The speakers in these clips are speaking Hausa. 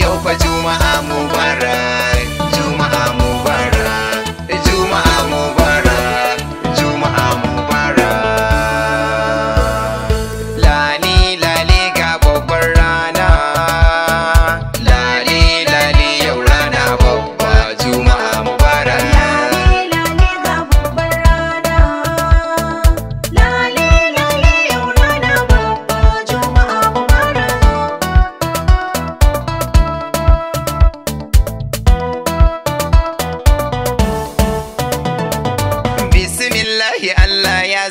yau fa juma'a mubarak juma'a mubarak juma'a mubarak juma'a mubarak lani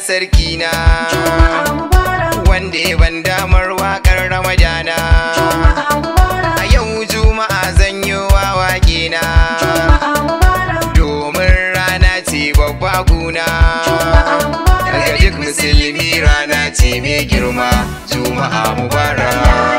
sarkina wanda ya ban damar wakar ramadana a yau juma'a zan yi wake na domin rana ce babba guna daga duk musulmi rana ce mai girma juma'a mubarak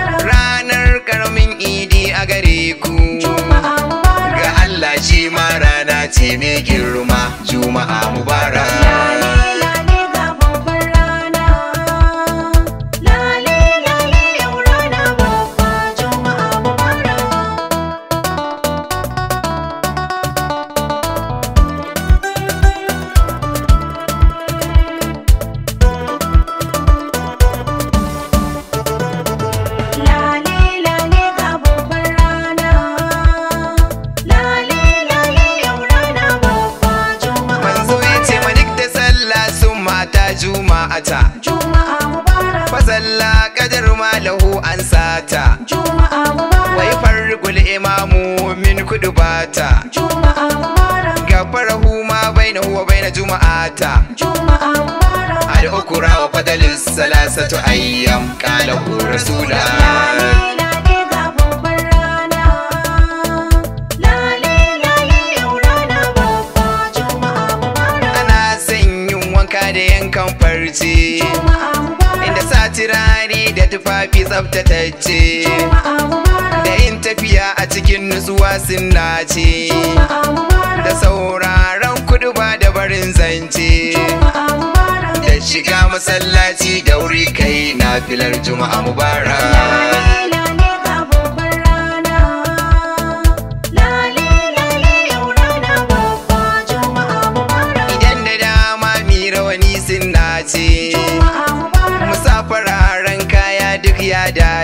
iko ga Allah shi ma rana ce mai girma juma'a mubarak bata wai fargul imamu min kudu bata gafara huma baina huwa baina juma'ata al ukura wa fadalin salasatu ayyam qala rasulullah tufafi tsaftatacce da yin tafiya a cikin nutsuwa sun dace da sauraron kudu ba da barin zance da shiga masallaci da wuri kai na filar juma'a mubarak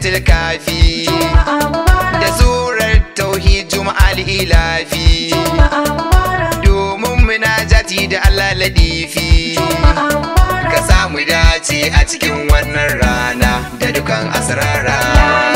suratul kafi da surar tauhid juma'al ilafi domin munajati da Allah ladifi ka samu dace a cikin wannan rana da dukan asrara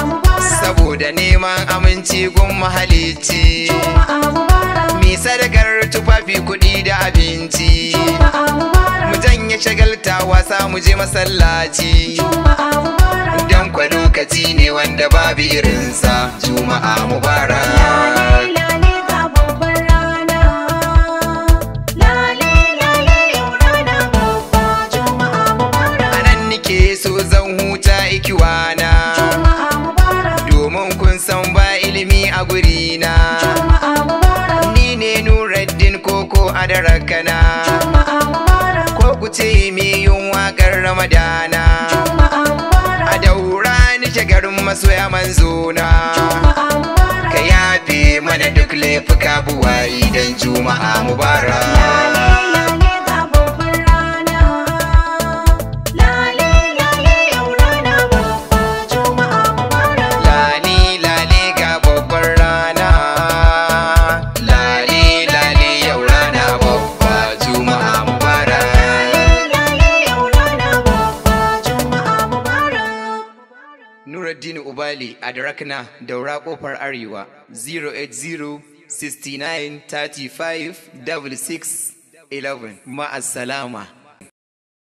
saboda neman aminci gun mahalici mi sadakar tufafi kuɗi da abinci mu janye shagalta wasa mu je masallaci don kwa lokaci ne wanda babu irinsa juma'a mubarak a gurina ni ne nuraddin koko a darakana ko ku ce mi yunwa gar ramadana a daura ni shagarin masoya manzona ka yafe mana duk laifuka buwayi dan juma'a mubarak ubali a darakna daura kofar arewa 080 69 35 66 11 ma'asalama